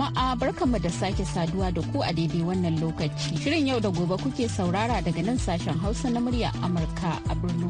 jama'a barkanmu da sake saduwa da ku a daidai wannan lokaci. Shirin yau da gobe kuke saurara daga nan sashen Hausa na murya Amurka a birnin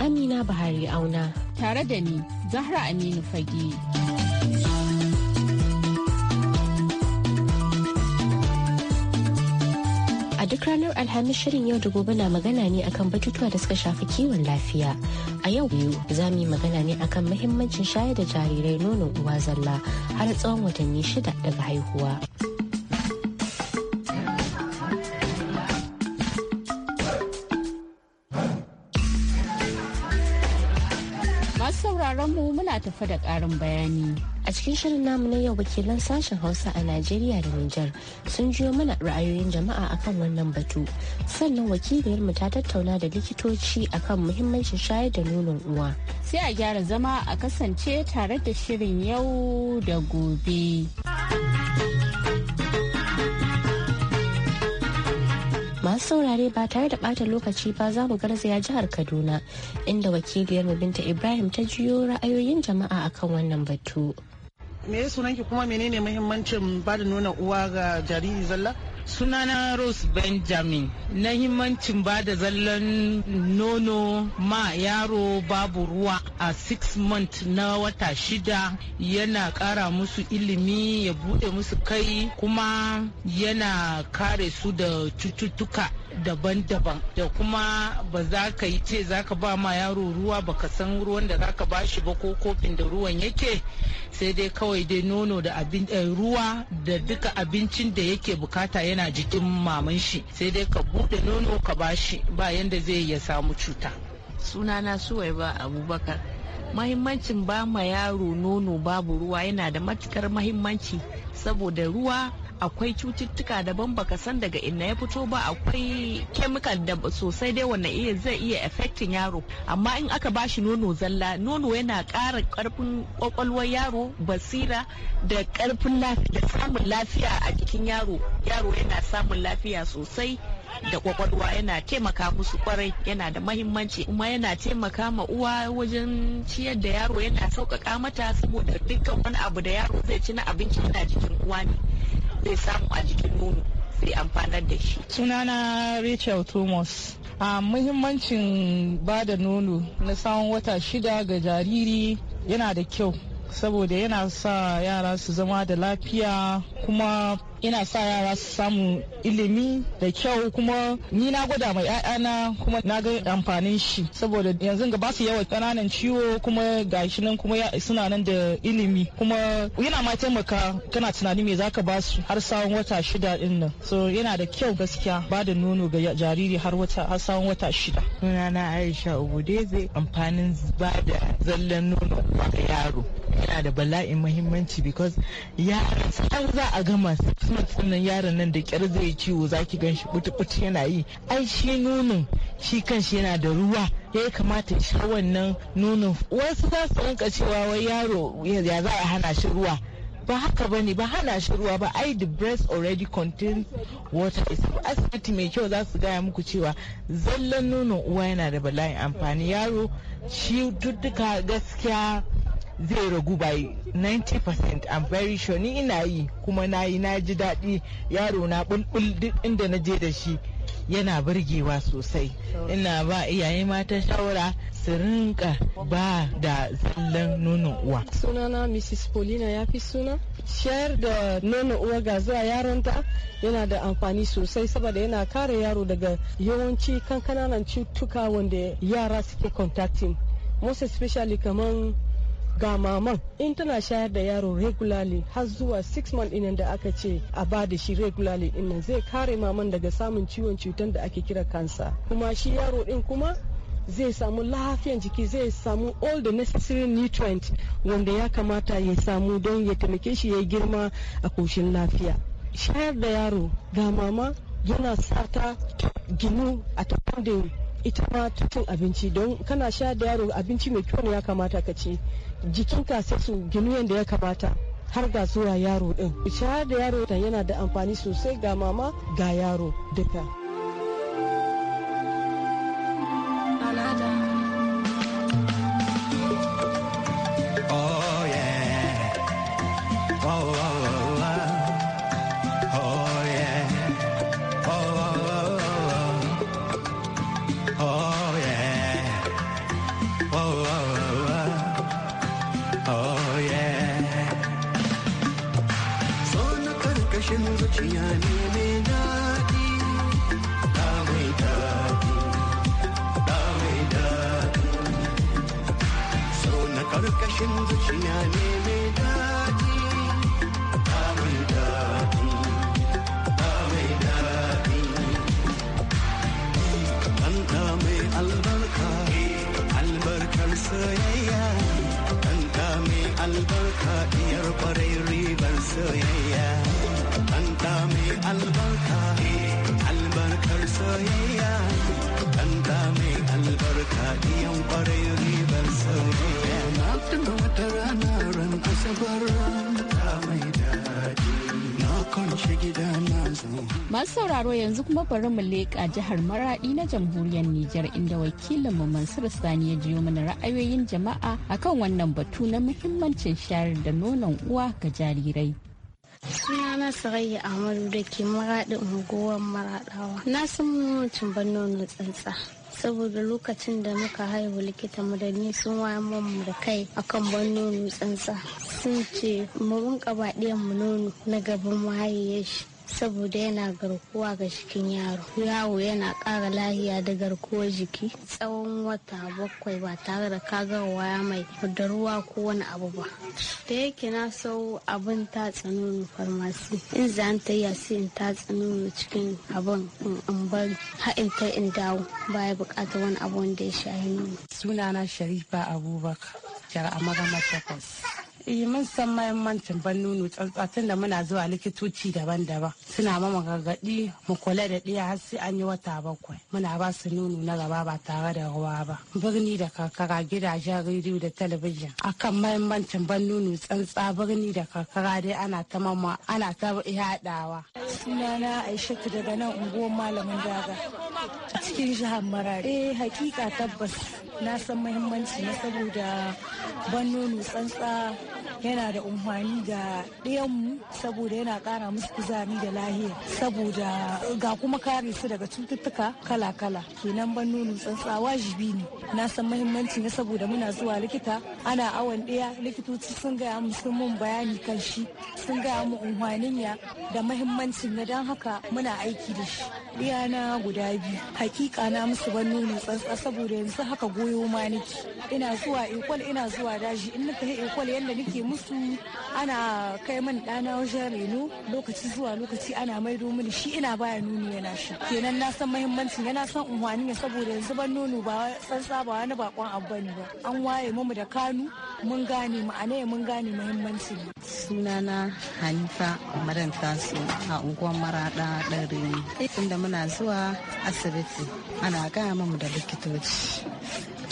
Amina Buhari Auna. Tare da ni, Zahra Aminu Fage. A duk ranar Alhamis shirin yau da gobe na magana ne akan batutuwa da suka shafi kiwon lafiya. A yau biyu za mu yi magana ne akan mahimmancin shayar da jarirai nonon uwa zalla har tsawon watanni shida daga haihuwa. sauraron mu muna tafa da ƙarin bayani. A cikin shirin namu na yau wakilan sashen Hausa a Najeriya da Nijar sun jiyo mana ra'ayoyin jama'a akan wannan batu. Sannan wakiliyarmu ta tattauna da likitoci akan muhimmancin shayar da nonon uwa. Sai a gyara zama a kasance tare da shirin yau da gobe. saurare ba tare da ɓata lokaci ba za mu garzaya jihar Kaduna inda mu Binta Ibrahim ta jiyo ra'ayoyin jama'a akan wannan batu. Me sunanki kuma menene muhimmancin ba da nuna uwa ga jariri zalla? sunana rose benjamin na himmancin ba da zallan nono ma yaro babu ruwa a six month na wata shida yana kara musu ilimi ya bude musu kai kuma yana kare su da cututtuka daban-daban da kuma ba za ka yi ce za ka ba ma yaro ruwa ba ka san ruwan da za ka ba shi ba ko kofin da ruwan yake sai dai kawai dai nono da abin eh, ruwa da duka abincin da yake bukata yana jikin maman shi sai dai ka bude nono ka ba shi ba yanda zai ya samu cuta sunana suwaiba abubakar mahimmancin ba ma yaro nono babu ruwa yana da matukar mahimmanci saboda ruwa akwai cututtuka daban baka san daga inna ya fito ba akwai kemikal da sosai dai wanda iya zai iya affecting yaro amma in aka bashi nono zalla nono yana ƙara ƙarfin kwakwalwar yaro basira da ƙarfin lafiya samun lafiya a jikin yaro yaro yana samun lafiya sosai da kwakwalwa yana taimaka musu kwarai yana da mahimmanci kuma yana taimaka ma uwa wajen ciyar da yaro yana sauƙaƙa mata saboda dukkan wani abu da yaro zai ci na abinci yana jikin uwa ne zai samu a jikin nono sai amfanar da shi. Sunana Rachel Thomas. A muhimmancin ba da nono na tsawon wata shida ga jariri yana da kyau saboda yana sa yara su zama da lafiya kuma ina sa yara su samu ilimi da kyau kuma ni na gwada mai ‘ya'yana kuma na ga amfanin shi saboda yanzu ga ba su yawa ƙananan ciwo kuma ga shi nan kuma suna nan da ilimi kuma yana ma taimaka kana tunani me zaka ba su har tsawon wata shida din nan so yana da kyau gaskiya ba da nono ga jariri har wata har tsawon wata shida sunana Aisha Ubudeze amfanin ba da zallan nono ga yaro yana da bala'in mahimmanci because yaran za a gama tsanan yaron nan da kyar zai ciwo zaki gan shi butu yana yi ai shi nonon shi kan shi yana da ruwa ya kamata ya wannan nonon wasu za su rinka cewa wai yaro ya za a hana shi ruwa ba haka ba ne ba hana shi ruwa ba ai the breast already contains water is asibiti mai kyau za su gaya muku cewa zallan nunin uwa yana da bala'in amfani yaro shi dudduka gaskiya zai ragu by 90% I'm very sure ni ina yi kuma na yi na ji daɗi yaro na bulbul duk inda na je da shi yana burgewa sosai ina ba iyaye mata shawara su rinka ba da zallan nono uwa sunana mrs paulina ya fi suna shayar da nono uwa ga zuwa yaronta yana da amfani sosai saboda yana kare yaro daga yawanci kankananan cutuka wanda yara suke contacting most especially kamar. ga maman in tana shayar da yaro regularly har zuwa 6 month inan da aka ce a ba da shi regularly inan zai kare maman daga samun ciwon cutan da ake kira kansa kuma shi yaro din kuma zai samu lafiyan jiki zai samu all the necessary nutrients wanda ya kamata ya samu don ya taimake shi ya girma a koshin lafiya shayar da yaro ga mama yana sata ginu a tafan ita ma tutun abinci don kana shayar da yaro abinci mai kyau ne ya kamata ka ci jikinka sai su ginu yadda ya kamata har ga zuwa yaro din shahar da yaro yana da amfani sosai ga mama ga yaro duka albarka ɗiyar kwarai ribar soyayya ɗan mai albarka albarkar soyayya ɗan mai albarka ɗiyar kwarai ribar soyayya na tuna wata rana ran asabar ta mai daɗi Masu sauraro yanzu kuma bari mu leƙa jihar Maraɗi na jamhuriyar Nijar inda wakilin mu Mansur Sani ya jiyo mana ra'ayoyin jama'a akan wannan batu na muhimmancin shayar da nonon uwa ga jarirai. suna na sarayya ahmadu da ke maraɗi unguwar maraɗawa na san muhimmancin ban nono tsantsa saboda lokacin da muka haihu likita mu da ni sun wayan mu da kai akan ban nono tsantsa sun ce mu rinka ba mu nono na gaban ya shi saboda yana garkuwa ga jikin yaro yawo yana ƙara lahiya da garkuwar jiki tsawon wata bakwai ba tare da kagarwa mai da ruwa ko wani abu ba da yake na sau abin ta tsanonu farmasi in za ta yi sai in ta tsanonu cikin abin in bar haɗin ta in dawo baya bukatar wani abu wanda ya shahi nono sunana sharifa abubakar a takwas E mun san mahimmancin ban nono tsantsa da muna zuwa likitoci daban-daban suna mama gargaɗi mu kula da ɗaya har sai an yi wata bakwai muna ba su nono na gaba ba tare da ruwa ba birni da karkara gidajen rediyo da talabijin akan mahimmancin ban nono tsantsa birni da karkara dai ana ta mama ana ta yaɗawa. Sunana Aisha daga nan unguwar malamin daga a cikin jihar Marari. Eh hakika tabbas na san mahimmanci na saboda ban nono tsantsa yana da umfani ga mu saboda yana ƙara musu kuzari da lahiya saboda ga kuma kare su daga cututtuka kala-kala kenan ban nono tsantsa wajibi ne na san mahimmanci ne saboda muna zuwa likita ana awon ɗaya likitoci sun gaya mu sun mun bayani kan shi sun gaya mu umfanin ya da mahimmanci na don haka muna aiki da shi ɗaya na guda biyu hakika na musu ban nono tsantsa saboda yanzu haka goyo ma nake ina zuwa ikwal ina zuwa daji in na tafi ikwal yadda muke musu ana kai man ɗana wajen reno lokaci zuwa lokaci ana maido mini shi ina baya nuni yana shi kenan na san mahimmanci yana san unhwani ya saboda yanzu ban nono ba tsantsa ba wani bakon abu ne ba an waye mamu da kanu mun gane ma'ana mun gane mahimmancin sunana hanifa maran tasu a unguwar marada reno tunda muna zuwa asibiti ana gaya mamu da likitoci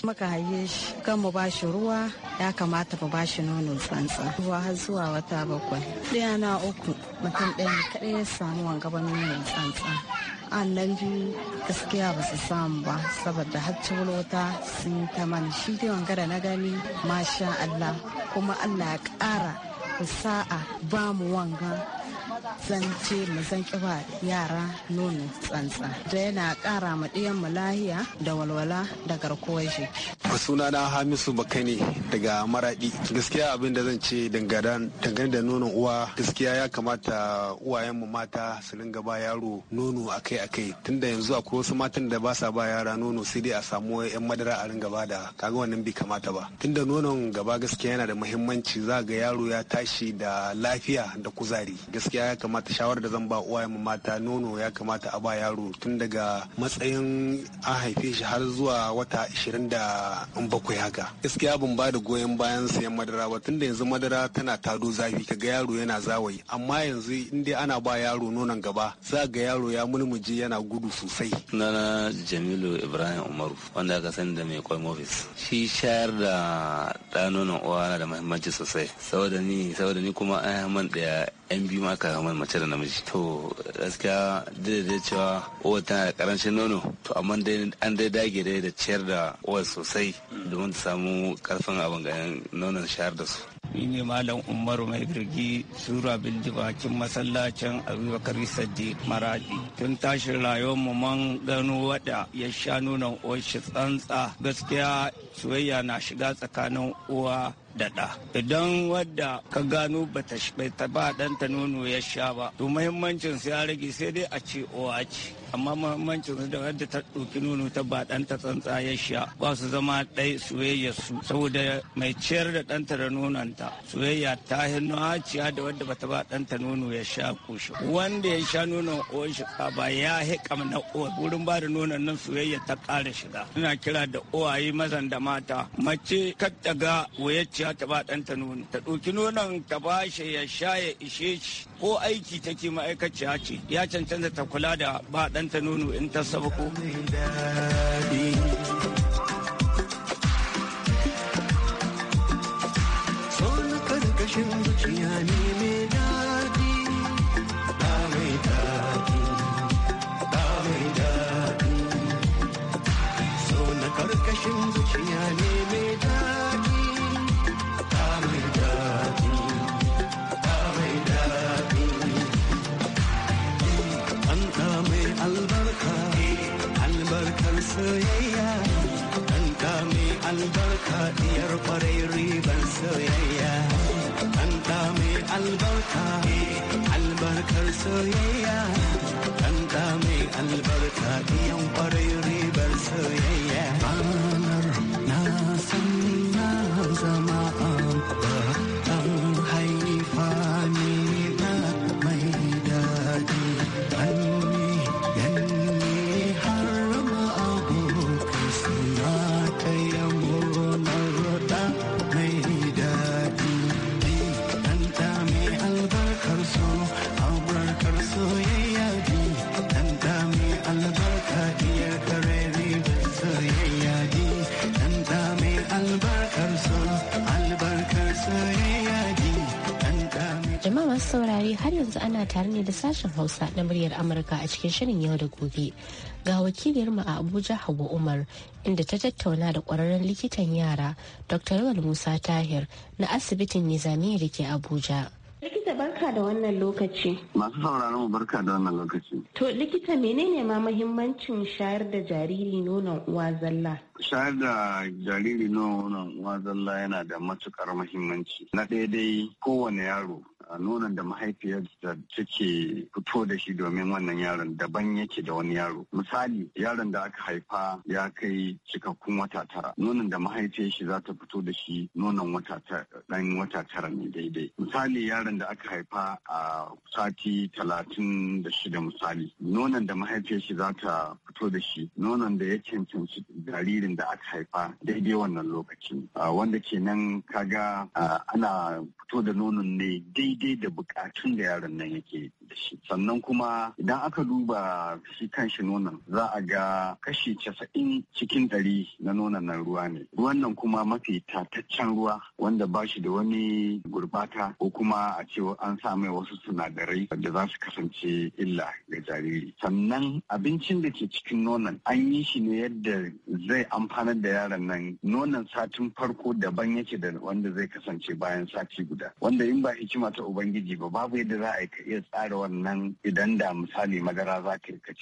muka haye shi kan mu ba shi ruwa ya kamata mu ba shi nono tsantsa ruwa har zuwa wata bakwai ɗaya na uku mutum ɗaya ne kaɗai ya samu ba nono tsantsa annan biyu gaskiya ba su samu ba saboda har wata sun yi ta mana. shi dai wanga da na gani masha Allah kuma Allah ya ƙara sa'a ba mu wanga zan ce mu zan kiba yara nono tsantsa da yana kara ma mu lahiya da walwala da garkuwar suna na hamisu bakani daga Maraɗi. gaskiya abin da zan ce dangane da nonon uwa gaskiya ya kamata uwayen mu mata su dinga ba yaro nono akai-akai tunda yanzu akwai wasu matan da ba sa ba yara nono sai dai a samu yan madara a ringa ba da kaga wannan bai kamata ba tunda nonon gaba gaskiya yana da muhimmanci za ga yaro ya tashi da lafiya da kuzari gaskiya kamata shawarar da zan ba mu mata nono ya kamata a ba yaro tun daga matsayin an haife shi har zuwa wata da 27 haka gaskiya ban ba da goyon bayan sayan madara ba tun da yanzu madara tana tado zafi kaga yaro yana zawayi amma yanzu inda ana ba yaro nonon gaba za ga yaro ya mulmuje yana gudu sosai na jamilu ibrahim umaru wanda aka sani da mai coin ofis. shi shayar da ɗa nonon uwa na da muhimmanci sosai saboda ni kuma an man da yan biyu ma aka kamar mace da namiji to gaskiya duk da cewa uwar tana da karancin nono to amma dai an dai dage dai da ciyar da uwar sosai domin ta samu karfin abin ganin nonon shayar da su ni ne malam umaru mai birgi sura bin bakin masallacin abubakar sadi maradi tun tashin rayuwar mu man gano wada ya sha uwar shi tsantsa gaskiya soyayya na shiga tsakanin uwa daɗa Idan wadda ka gano ba ta ba ɗanta nono ya sha ba, to muhimmancin sai ya rage sai dai a ce o ce. amma mahimmancin da wadda ta ɗauki nono ta ba ɗanta tsantsa ya sha ba su zama ɗai soyayya su saboda mai ciyar da ɗanta da nononta soyayya ta hinnu haciya da wadda bata ba ɗanta nono ya sha kushe wanda ya sha nonon uwan shi ba ya hiƙa na uwa wurin ba da nonon nan soyayya ta ƙara shiga ina kira da uwaye mazan da mata mace kar ga wuyacciya ta ba ɗanta nono ta ɗauki nonon ta ba shi ya sha ya ishe shi ko aiki take ma'aikaciya ce ya cancanta ta kula da ba ɗanta nono in ta sabako. soyayya ɗanta albarka diyar kwarai ribar soyayya ɗanta mai albarka albarkar soyayya ɗanta mai albarka diyan kwarai masu saurare har yanzu ana tare ne da sashen Hausa na muryar Amurka a cikin shirin yau da gobe. Ga wakiliyar mu a Abuja Hauwa Umar inda ta tattauna da kwararren likitan yara Dr. Yawal Musa Tahir na asibitin Nizamiya da ke Abuja. Likita barka da wannan lokaci. Masu sauraron barka da wannan lokaci. To likita menene ma mahimmancin shayar da jariri nonon uwa zalla? Shayar da jariri nonon uwa zalla yana da matukar mahimmanci. Na daidai kowane yaro a nonon da mahaifiyar da take fito da shi domin wannan yaron daban yake da wani yaro misali yaron da aka haifa ya kai cikakkun wata tara nonon da mahaifiyar shi za ta fito da shi nonon wata ɗan wata tara ne daidai misali yaron da aka haifa a sati talatin da shida misali nonon da mahaifiyar shi za ta fito da shi nonon da ya cancanci jaririn da aka haifa daidai wannan lokaci wanda kenan kaga ana fito da nonon ne daidai daidai da bukatun da yaron nan yake da shi sannan kuma idan aka duba shi kan shi nonon za a ga kashi casa'in cikin ɗari na nonon nan ruwa ne ruwan nan kuma mafi tataccen ruwa wanda ba shi da wani gurbata ko kuma a ce an sa mai wasu sinadarai da za su kasance illa ga jariri sannan abincin da ke cikin nonon an yi shi ne yadda zai amfanar da yaron nan nonon satin farko daban yake da wanda zai kasance bayan sati guda wanda in ba hikima ta ubangiji ba babu yadda za a iya tsara wannan idan da misali madara za ka ka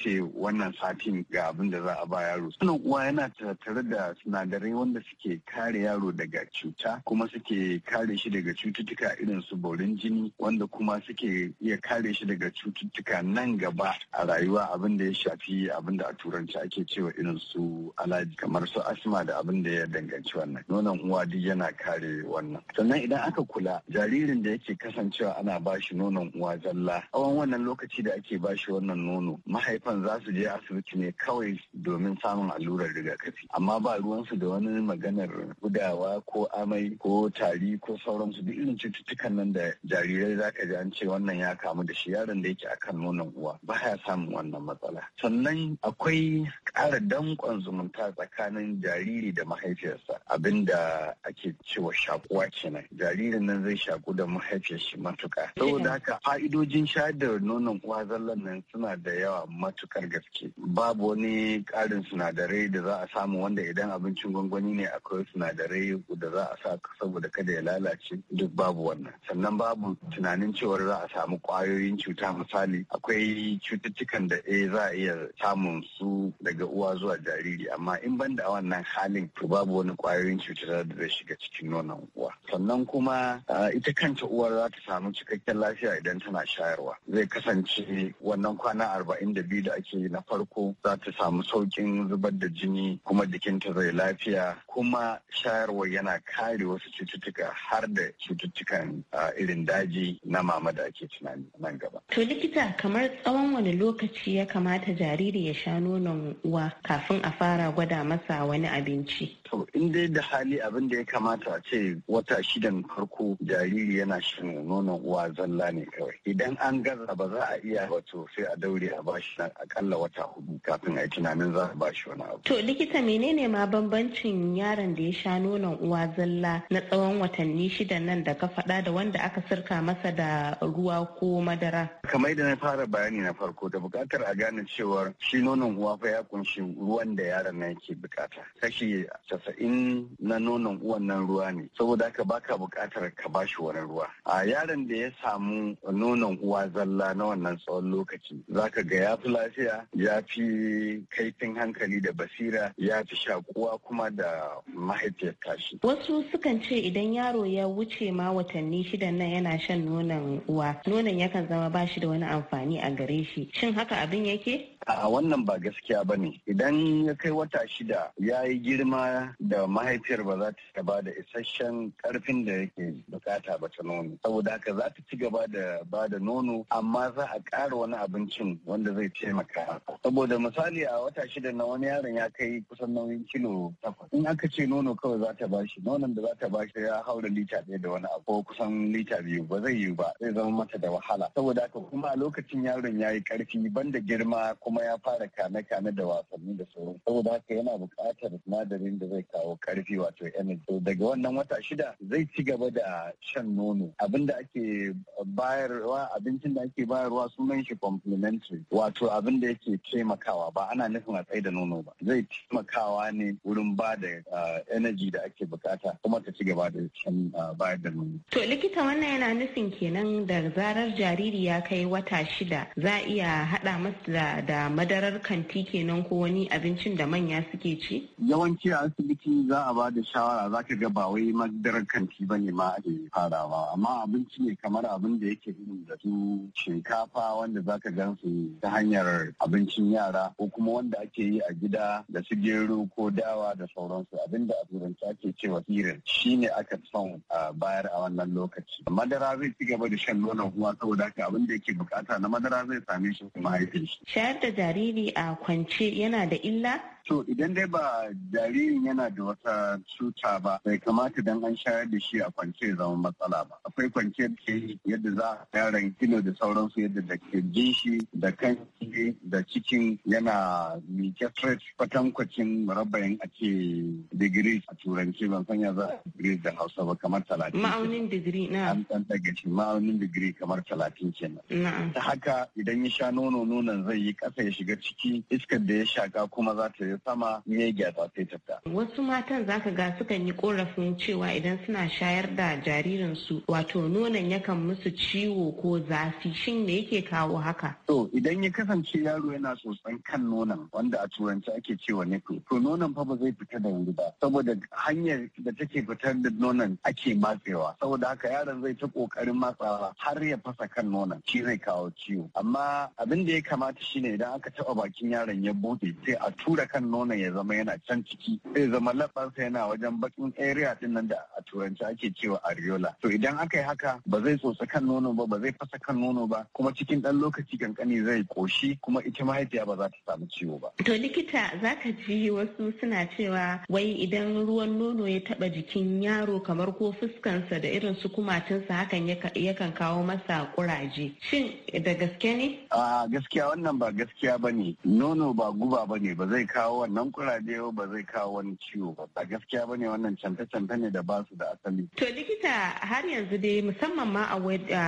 wannan satin ga abin da za a ba yaro sannan uwa yana tattare da sinadarai wanda suke kare yaro daga cuta kuma suke kare shi daga cututtuka irin su borin jini wanda kuma suke iya kare shi daga cututtuka nan gaba a rayuwa abin da ya shafi abin da a turanci ake cewa irin su alaji kamar su asma da abin da ya danganci wannan nonon uwa duk yana kare wannan sannan idan aka kula jaririn da yake kasancewa ana ba shi nonon uwa zalla tsawon wannan lokaci da ake ba shi wannan nono mahaifan za su je asibiti ne kawai domin samun allurar rigakafi amma ba ruwansu da wani maganar gudawa ko amai ko tari ko sauransu duk irin cututtukan nan da jarirai za ka ji an ce wannan ya kamu da shi yaron da yake akan nonon uwa ba ya samun wannan matsala sannan akwai ƙara danƙon zumunta tsakanin jariri da mahaifiyarsa abin da ake cewa shakuwa kenan jaririn nan zai shaku da mahaifiyar shi matuƙa saboda haka fa'idojin shayar da nonon uwa zallan nan suna da yawa matukar gaske babu wani karin sinadarai da za a samu wanda idan abincin gwangwani ne akwai sinadarai da za a sa saboda kada ya lalace duk babu wannan sannan babu tunanin cewar za a samu kwayoyin cuta misali akwai cututtukan da eh za a iya samun su daga uwa zuwa jariri amma in ban da wannan halin to babu wani kwayoyin cuta da zai shiga cikin nonon uwa sannan kuma ah, ita kanta uwar za ta samu cikakken lafiya idan tana shayarwa zai kasance wannan kwana arba'in da biyu da ake na farko za ta samu saukin zubar da jini kuma jikinta zai lafiya kuma shayarwar yana kare wasu cututtuka har da cututtukan irin daji na mama da ake tunani nan gaba. To likita kamar tsawon wani lokaci ya kamata jariri ya sha nonon uwa kafin a fara gwada masa wani abinci? To in dai da hali abin da ya kamata a ce wata shidan farko jariri yana shan nonon uwa zalla ne kawai. Idan an ga ba za a iya wato sai a daure a bashi na akalla wata hudu kafin a yi tunanin za a bashi wani abu. To likita menene ma bambancin yaron da ya sha nonon uwa zalla na tsawon watanni shida nan da ka faɗa da wanda aka sirka masa da ruwa ko madara? kamar da na fara bayani na farko da bukatar a gane cewar shi nonon uwa fa ya kunshi ruwan da yaron nan yake bukata kashi casa'in na nonon uwan nan ruwa ne saboda haka baka bukatar ka bashi wani ruwa a yaron da ya samu nonon uwa zalla na wannan tsawon lokaci zaka ga ya fi lafiya ya fi kaifin hankali da basira ya fi shakuwa kuma da mahaifiyar tashi wasu sukan ce idan yaro ya wuce ma watanni shidan nan yana shan nonon uwa nonon yakan zama bashi shi da wani amfani a gare shi shin haka abin yake a wannan ba gaskiya ba ne idan ya kai wata shida ya yi girma da mahaifiyar ba za ta ba da isasshen karfin da yake bukata ba ta nono saboda haka za ta ci gaba da ba da nono amma za a ƙara wani abincin wanda zai taimaka saboda misali a wata shida na wani yaron ya kai kusan nauyin kilo takwas in aka ce nono kawai za ta ba shi nonon da za ta ba shi ya haura lita ɗaya da wani abu ko kusan lita biyu ba zai yiwu ba zai zama mata da wahala saboda haka kuma a lokacin yaron ya yi ƙarfi banda girma kuma kuma ya fara kame-kame da wasanni da sauran saboda haka yana bukatar sinadarin da zai kawo karfi wato energy to daga wannan wata shida zai ci gaba da shan nono abinda ake bayarwa abincin da ake bayarwa sunan shi complementary wato abin da yake taimakawa ba ana nufin a tsaye da nono ba zai taimakawa ne wurin ba da eh, energy da ake bukata kuma ta ci gaba da shan eh, bayar da nono to likita wannan yana nufin kenan da zarar jariri ya kai wata shida za a iya hada masa da da madarar kanti kenan ko wani abincin da manya suke ci? Yawanci a asibiti za a ba da shawara za ka ga ba wai madarar kanti ba ne ma ake farawa amma abinci ne kamar abin da yake irin da su shinkafa wanda za ka gan su ta hanyar abincin yara ko kuma wanda ake yi a gida da su gero ko dawa da sauransu abin da a turanci ake cewa irin shi ne aka son bayar a wannan lokaci. Madara zai ci gaba da shan nonon kuma saboda haka abin da yake bukata na madara zai same shi haifin shi. da jariri a kwance yana da illa To idan dai ba jaririn yana da wata cuta ba bai kamata dan an shayar da shi a kwance ya zama matsala ba. Akwai kwanciyar ke yadda za a yaran kilo da sauransu yadda da ke jin shi da kan da cikin yana mike stretch kwatankwacin murabba'in a ce digiri a turanci ban san ya za a digiri da hausa ba kamar talatin. Ma'aunin digiri na. An ɗan daga shi ma'aunin digiri kamar talatin kenan. Ta haka idan ya sha nono nonon zai yi ƙasa ya shiga ciki iskar da ya shaka kuma za ta yi sama ya yi gyatsa sai tafta. Wasu matan za ka ga sukan yi korafin cewa idan suna shayar da jaririnsu wato nonon yakan musu ciwo ko zafi shin me yake kawo haka? To idan ya kasance yaro yana sosan kan nonon wanda a turanci ake cewa nipple to nonon fa ba zai fita da wuri ba saboda hanyar da take fitar da nonon ake matsewa saboda haka yaron zai ta kokarin matsawa har ya fasa kan nonon shi zai kawo ciwo amma abin da ya kamata shine idan aka taba bakin yaron ya bude sai a tura kan nonon ya zama yana can ciki zai zama labarsa yana wajen bakin area din nan da a turanci ake cewa areola to idan aka yi haka ba zai tsotsa kan nono ba ba zai fasa kan nono ba kuma cikin dan lokaci kankani zai koshi kuma ita mahaifiya ba za ta samu ciwo ba to likita za ka ji wasu suna cewa wai idan ruwan nono ya taba jikin yaro kamar ko fuskansa da irin su kumatinsa hakan yakan kawo masa kuraje shin da gaske ne a gaskiya wannan ba gaskiya bane nono ba guba bane ba zai kawo wannan kuraje ba zai kawo wani ciwo ba ba gaskiya bane wannan canfe-canfe ne da basu da asali to likita har yanzu dai musamman ma a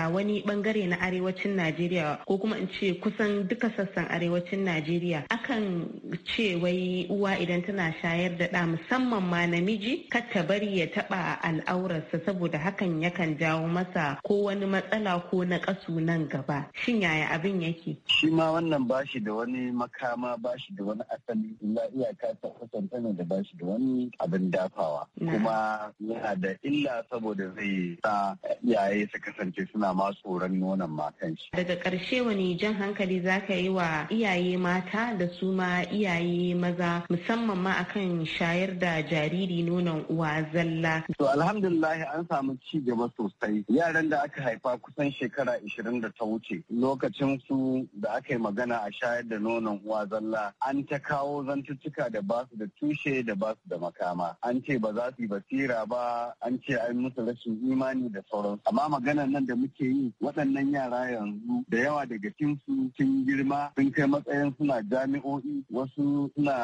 wani bangare na arewacin najeriya ko kuma in ce kusan duka sassan arewacin najeriya akan ce wai uwa idan tana shayar da ɗa musamman ma namiji kar ta bari ya taɓa al'aurarsa saboda hakan yakan jawo masa ko wani matsala ko na kasu nan gaba shin yaya abin yake shi ma wannan bashi da wani makama bashi da wani asali la iyaka ta kusan tana da bashi da wani abin dafawa kuma yana da illa saboda zai sa iyaye su kasance suna ma tsoron nonon matan shi daga karshe wani jan hankali za ka yi wa iyaye mata da su ma iyaye maza musamman ma akan shayar da jariri nonon uwa zalla to alhamdulillah an samu ci gaba sosai yaran da aka haifa kusan shekara ishirin da ta wuce lokacin su da aka yi magana a shayar da nonon uwa zalla an ta kawo zan zantuttuka da ba su da tushe da ba su da makama an ce ba za su yi basira ba an ce an musu rashin imani da sauran amma maganar nan da muke yi waɗannan yara yanzu da yawa daga su sun girma sun kai matsayin suna jami'o'i wasu suna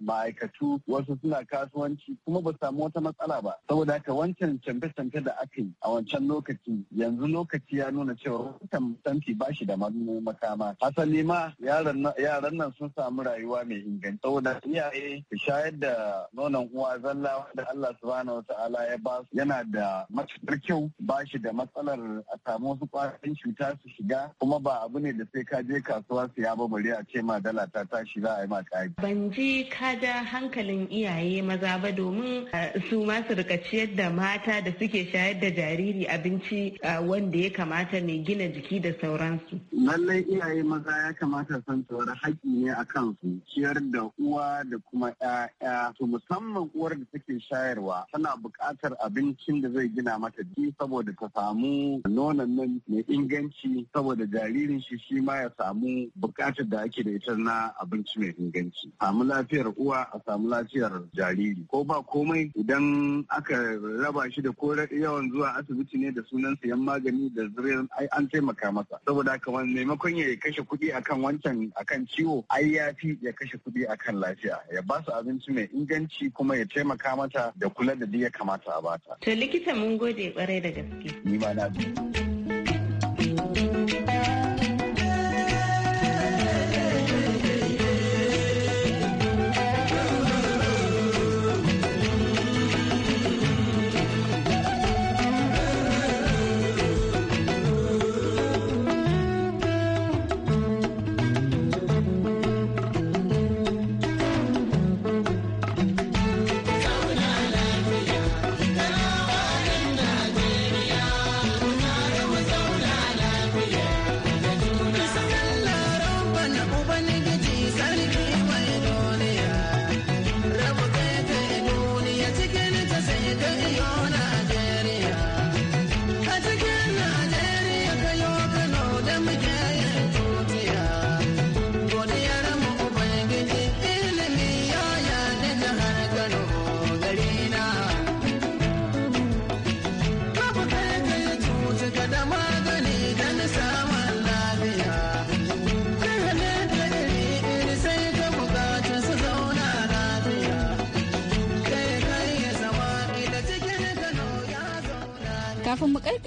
ma'aikatu wasu suna kasuwanci kuma ba samu wata matsala ba saboda haka wancan canfe-canfe da aka yi a wancan lokaci yanzu lokaci ya nuna cewa wancan canfi ba shi da makama hasali ma yaran nan sun samu rayuwa mai inganci saboda iyaye su shayar da nonon uwa zalla wanda Allah subhanahu wa ta'ala ya ba su yana da matuƙar kyau ba shi da matsalar a samu wasu ƙwayoyin cuta su shiga kuma ba abu ne da sai ka je kasuwa su ba bare a ce ma dala ta tashi za a yi ma ƙari. Ban ji ka da hankalin iyaye maza ba domin eh, su ma su rika ciyar da mata da suke shayar da jariri abinci eh, wanda ya kamata mai gina jiki da sauransu. Lallai iyaye maza ya kamata san tsoron haƙƙi ne a kansu ciyar da uwa da kuma 'ya'ya to musamman uwar da take shayarwa tana buƙatar abincin da zai gina mata jiki saboda ta samu nonon nan mai inganci saboda jaririn shi shi ma ya samu buƙatar da ake da ita na abinci mai inganci samu lafiyar uwa a samu lafiyar jariri ko ba komai idan aka raba shi da ko yawan zuwa asibiti ne da sunan sayan magani da zuriyar ai an taimaka masa saboda haka maimakon ya kashe kuɗi akan wancan akan ciwo ai ya fi ya kashe kuɗi a kan lafiya ya ba su abinci mai inganci kuma ya taimaka mata da kula da ya kamata a bata. To likita mun gode kwarai da gaske. Ni ma na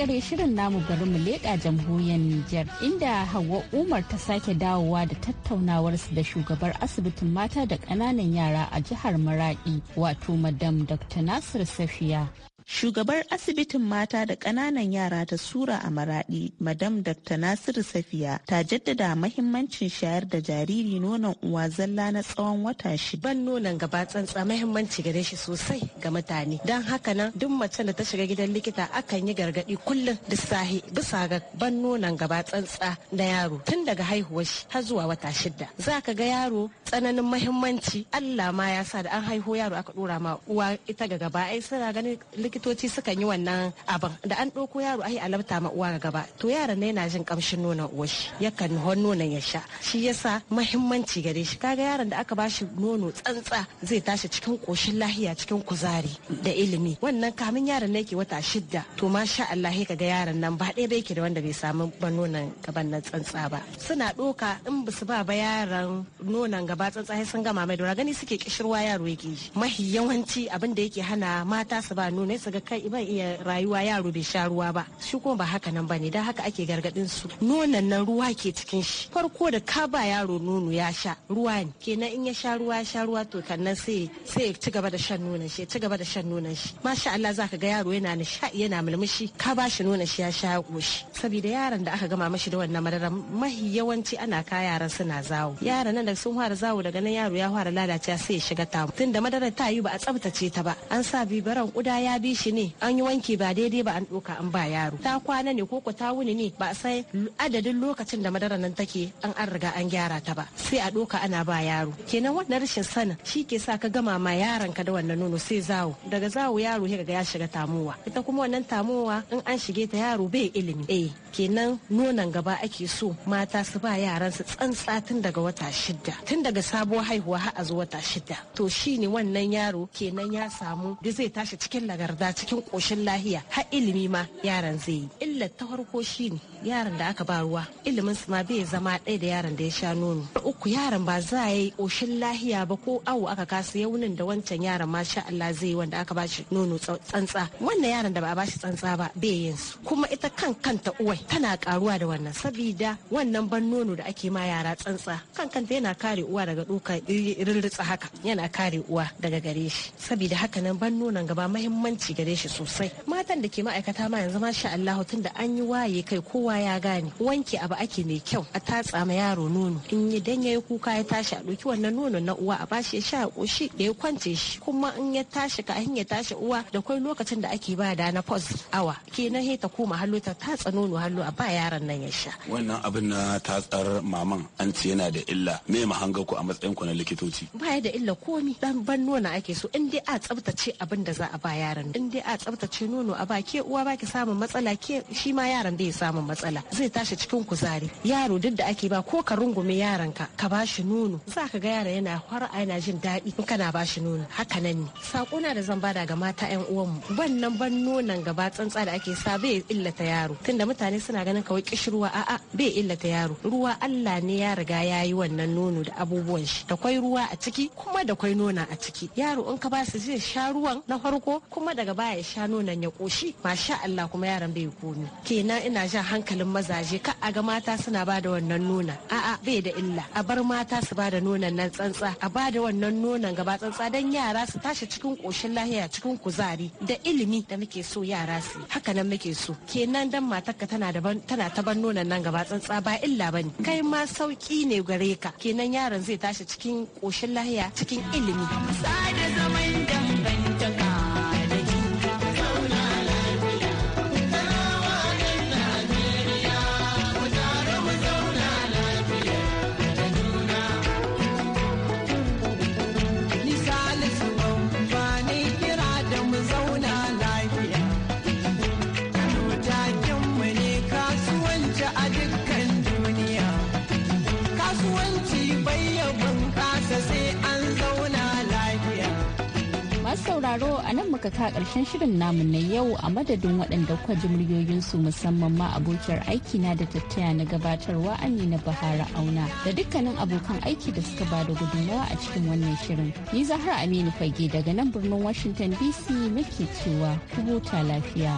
karkare shirin namu bari mu leƙa jamhuriyar Nijar inda Hauwa Umar ta sake dawowa da tattaunawarsu da shugabar asibitin mata da ƙananan yara a jihar Maradi wato Madam Dr. Nasir Safiya Shugabar asibitin mata da kananan yara ta Sura a maradi Madam Dr. Nasiru Safiya, ta jaddada mahimmancin shayar da jariri nonon uwa zalla na tsawon wata shi. Ban nonon gaba tsantsa mahimmanci gare shi sosai ga mutane. Don haka nan duk mace da ta shiga gidan likita akan yi gargadi kullum da sahi bisa ga ban nonon gaba tsantsa na yaro tun daga haihuwar shi har zuwa wata shida. Za ka ga yaro tsananin mahimmanci Allah ma ya sa da an haihu yaro aka dora ma uwa ita ga gaba ai suna ganin likita likitoci suka yi wannan abin da an ɗauko yaro ai alabta ma uwa gaba to yaran ne yana jin kamshin nonon uwa shi yakan hon nonon ya sha shi yasa mahimmanci gare shi kaga yaron da aka bashi nono tsantsa zai tashi cikin koshin lahiya cikin kuzari da ilimi wannan kamin yaron ne ke wata shidda to masha Allah kaga yaran nan ba ɗaya bai ke da wanda bai samu ba nonon gaban nan tsantsa ba suna ɗoka in ba su ba ba yaran nonon gaba tsantsa sai sun gama mai dora gani suke kishirwa yaro yake mahi yawanci abin da yake hana mata su ba nono su ga kai ban iya rayuwa yaro bai sha ruwa ba shi kuma ba haka nan bane dan haka ake gargadin su nonon nan ruwa ke cikin shi farko da ka ba yaro nono ya sha ruwa ne kenan in ya sha ruwa ya sha ruwa to kannan sai sai ya ci gaba da shan nonon shi ya ci gaba da shan nonon shi masha Allah zaka ga yaro yana nishaɗi yana mulmushi ka ba shi nonon shi ya sha ya koshi saboda yaran da aka gama mashi da wannan madara mahi yawanci ana ka yaran suna zawo yaran nan da sun fara zawo daga nan yaro ya fara lalacewa sai ya shiga tamu tunda madarar ta yi ba a tsabtace ta ba an sa bibaran kuda ya bi yi shi ne an yi wanki ba daidai ba an ɗauka an ba yaro ta kwana ne koko ta wuni ne ba sai adadin lokacin da madara nan take an an riga an gyara ta ba sai a ɗauka ana ba yaro kenan wannan rashin sanin shi ke sa ka gama ma yaron ka da wannan nono sai zawo daga zawo yaro ya ga ya shiga tamowa ita kuma wannan tamowa in an shige ta yaro bai ilimi eh kenan nonon gaba ake so mata su ba yaran su tsantsa tun daga wata shida tun daga sabuwar haihuwa har a zo wata shida to shine wannan yaro kenan ya samu da zai tashi cikin lagarda za cikin ƙoshin lahiya har ilimi ma yaran zai yi illar ta farko ne yaran da aka ba ruwa ilimin su ma bai zama ɗaya da yaran da ya sha nono uku yaran ba za a yi ƙoshin lahiya ba ko awo aka kasa yaunin da wancan yaran ma sha Allah zai yi wanda aka bashi shi nono tsantsa wannan yaran da ba a ba shi tsantsa ba bai yin su kuma ita kan kanta uwai tana karuwa da wannan sabida wannan ban nono da ake ma yara tsantsa kan kanta yana kare uwa daga dukan rirritsa haka yana kare uwa daga gare shi sabida haka nan ban nonon gaba mahimmanci ci gare shi sosai matan da ke ma'aikata ma yanzu masha Allah da an yi waye kai kowa ya gane wanke abu ake mai kyau a tatsa ma yaro nono in yi dan yayi kuka ya tashi a doki wannan nono na uwa a bashi ya sha koshi da ya kwance shi kuma in ya tashi ka hin ya tashi uwa da kai lokacin da ake ba da na pause awa kenan he ta koma hallo ta tatsa nono hallo a ba yaron nan ya sha wannan abin na tatsar maman an ce yana da illa me mahanga ku a matsayin ku na likitoci baya da illa komi dan ban nono ake so in dai a tsabtace abin da za a ba yaron in dai a tsabtace nono a ba ke uwa ba samun matsala ke shi ma yaron da ya samun matsala zai tashi cikin kuzari yaro duk da ake ba ko ka rungume yaronka ka ba shi nono za ka ga yaron yana a yana jin daɗi in kana ba shi nono haka nan ne sakuna da zan bada ga mata yan uwanmu wannan ban nonon gaba tsantsa da ake sa bai illata yaro tunda mutane suna ganin kawai kishirwa a'a bai illata yaro ruwa Allah ne ya riga ya yi wannan nono da abubuwan shi da kwai ruwa a ciki kuma da kwai nona a ciki yaro in ka ba su zai sha ruwan na farko kuma daga daga baya ya sha nonon ya koshi masha Allah kuma yaran bai komi kenan ina jan hankalin mazaje ka a ga mata suna bada wannan nona a'a bai da illa a bar mata su bada nonon nan tsantsa a bada wannan nonon gaba tsantsa dan yara su tashi cikin koshin lahiya cikin kuzari da ilimi da muke so yara su haka nan muke so kenan dan matarka tana da tana ta ban nonon nan gaba tsantsa ba illa bane kai ma sauki ne gare ka kenan yaran zai tashi cikin koshin lahiya cikin ilimi. zaman sauraro a nan muka ka karshen shirin namu na yau a madadin waɗanda kwa ji muryoyinsu musamman ma abokiyar aiki na da tattaya na gabatarwa Amina Bahara Auna da dukkanin abokan aiki da suka ba da gudunmawa a cikin wannan shirin. Ni Zahra Aminu Fage daga nan birnin Washington DC muke cewa kubuta lafiya.